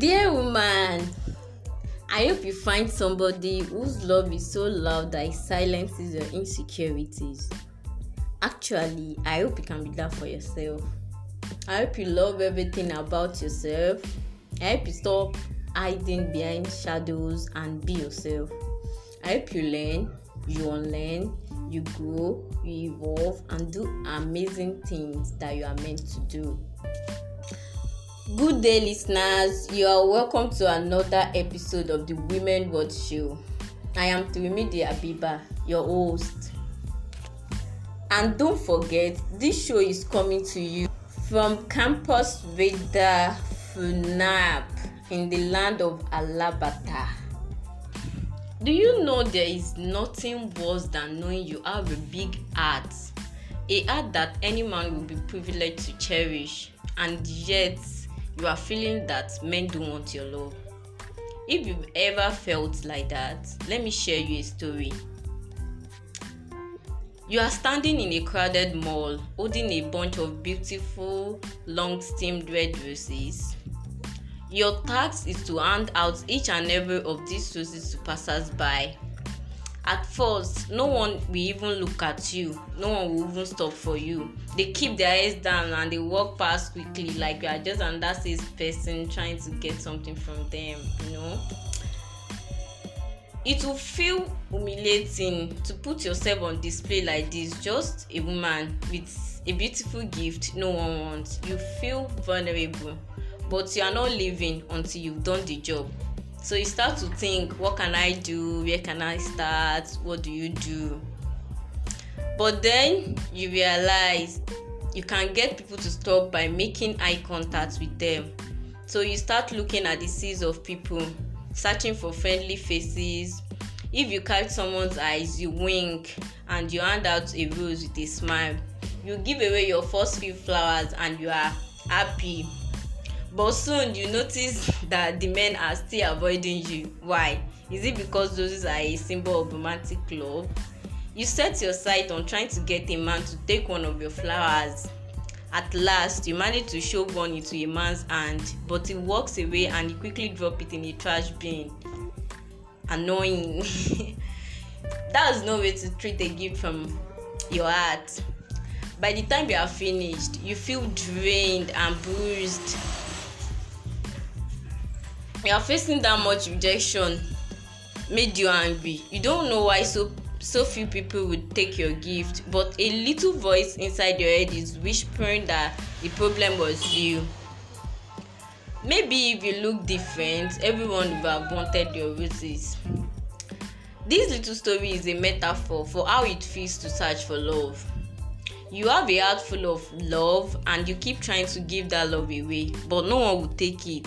Dear woman, I hope you find somebody whose love is so loud that it silences your insecurities. Actually, I hope you can be that for yourself. I hope you love everything about yourself. I hope you stop hiding behind shadows and be yourself. I hope you learn, you unlearn, you grow, you evolve, and do amazing things that you are meant to do. Good day, listeners. You are welcome to another episode of the Women World Show. I am Tirmidhi Abiba, your host. And don't forget, this show is coming to you from Campus Veda Funab in the land of Alabata. Do you know there is nothing worse than knowing you have a big heart? A heart that any man will be privileged to cherish, and yet you are feeling that men don't want your love. If you've ever felt like that, let me share you a story. You are standing in a crowded mall holding a bunch of beautiful long stemmed red roses. Your task is to hand out each and every of these roses to passers by. At first, no one will even look at you. No one will even stop for you. They keep their heads down and they walk past quickly like you are just another sales person trying to get something from them, you know. It will feel humiliating to put yourself on display like this, just a woman with a beautiful gift no one wants. You feel vulnerable, but you are not leaving until you've done the job. so you start to think what can i do where can i start what do you do but then you realize you can get people to stop by making eye contact with them so you start looking at the seas of people searching for friendly faces if you catch someone's eyes you wink and you hand out a rose with a smile you give away your first few flowers and you are happy but soon you notice that the men are still avoiding you why is it because those are a symbol of romantic love you set your sight on trying to get a man to take one of your flowers at last you manage to show one into a man's hand but he walks away and you quickly drop it in a trash bin annoying That is no way to treat a gift from your heart by the time you are finished you feel drained and bruised you are facing that much rejection made you angry you don't know why so so few people would take your gift but a little voice inside your head is whispering that the problem was you maybe if you look different everyone would have wanted your roses this little story is a metaphor for how it feels to search for love you have a heart full of love and you keep trying to give that love away but no one will take it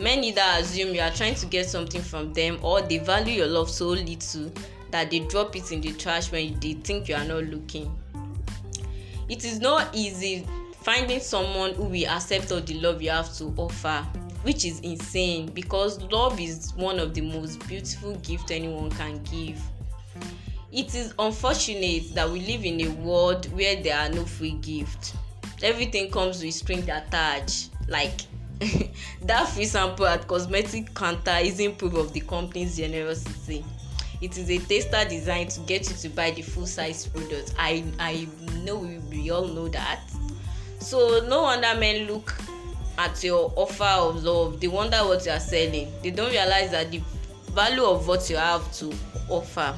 men either assume you are trying to get something from them or they value your love so little that they drop it in the trash when they think you are not looking it is not easy finding someone who will accept all the love you have to offer which is insane because love is one of the most beautiful gifts anyone can give it is unfortunate that we live in a world where there are no free gifts everything comes with strings attached like that free sample at cosmetic counter isn't proof of the company's generosity it is a tester designed to get you to buy the full size product i i know we, we all know that so no wonder men look at your offer of love they wonder what you are selling they don't realize that the value of what you have to offer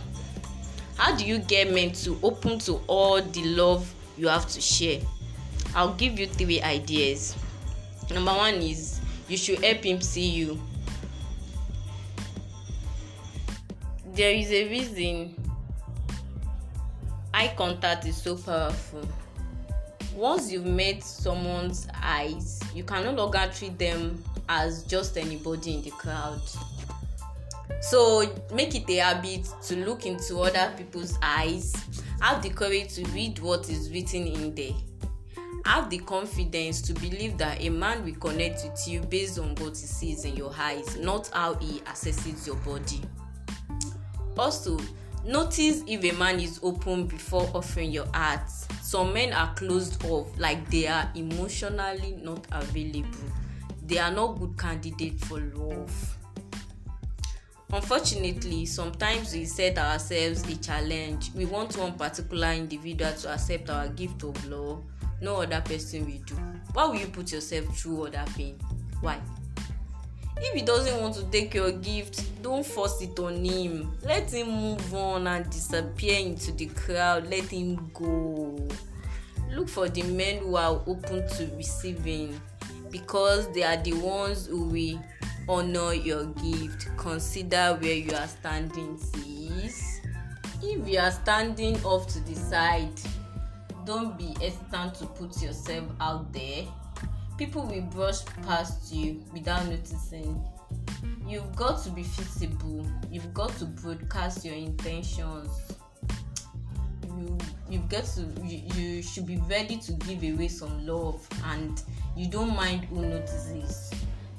how do you get men to open to all the love you have to share i'll give you three ideas number one is you should help him see you there is a reason eye contact is so powerful once you've met someone's eyes you can no longer treat them as just anybody in the crowd so make it a habit to look into other people's eyes have the courage to read what is written in there have the confidence to believe that a man will connect with you based on what he sees in your eyes not how he assesses your body also notice if a man is open before offering your heart some men are closed off like they are emotionally not available they are not good candidates for love unfortunately sometimes we set ourselves a challenge we want one particular individual to accept our gift of love no other person will do why will you put yourself through other pain why if he doesn't want to take your gift don't force it on him let him move on and disappear into the crowd let him go look for the men who are open to receiving because they are the ones who will honor your gift consider where you are standing sis if you are standing off to the side don't be hesitant to put yourself out there. People will brush past you without noticing. You've got to be feasible. You've got to broadcast your intentions. You you've got to you, you should be ready to give away some love and you don't mind who notices.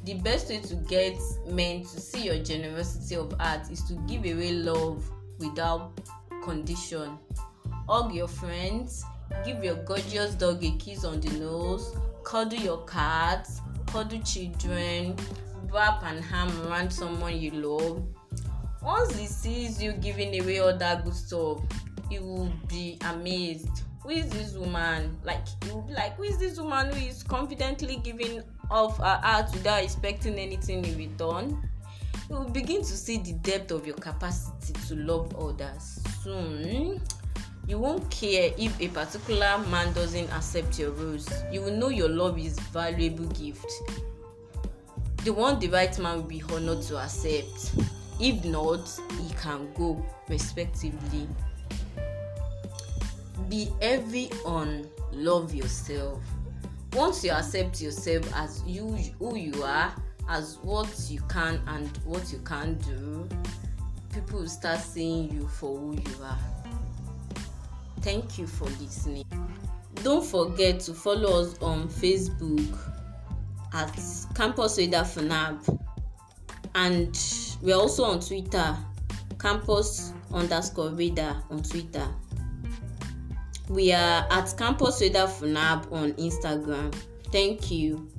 The best way to get men to see your generosity of heart is to give away love without condition. Hug your friends, give your gorgeous dog a kiss on the nose, cuddle your cat, cuddle children, wrap and ham around someone you love. Once he sees you giving away all that good stuff, he will be amazed. Who is this woman? Like, he will be like, who is this woman who is confidently giving off her heart without expecting anything in return? You will begin to see the depth of your capacity to love others soon. won't care if a particular man doesn't accept your rules. You will know your love is valuable gift. The one the right man will be honored to accept. If not, he can go respectively. Be heavy on love yourself. Once you accept yourself as you who you are, as what you can and what you can't do, people will start seeing you for who you are. Thank you for listening. Don't forget to follow us on Facebook at Campus Radar FUNAB and we're also on Twitter, Campus underscore Radar on Twitter. We are at Campus Radar FUNAB on Instagram. Thank you.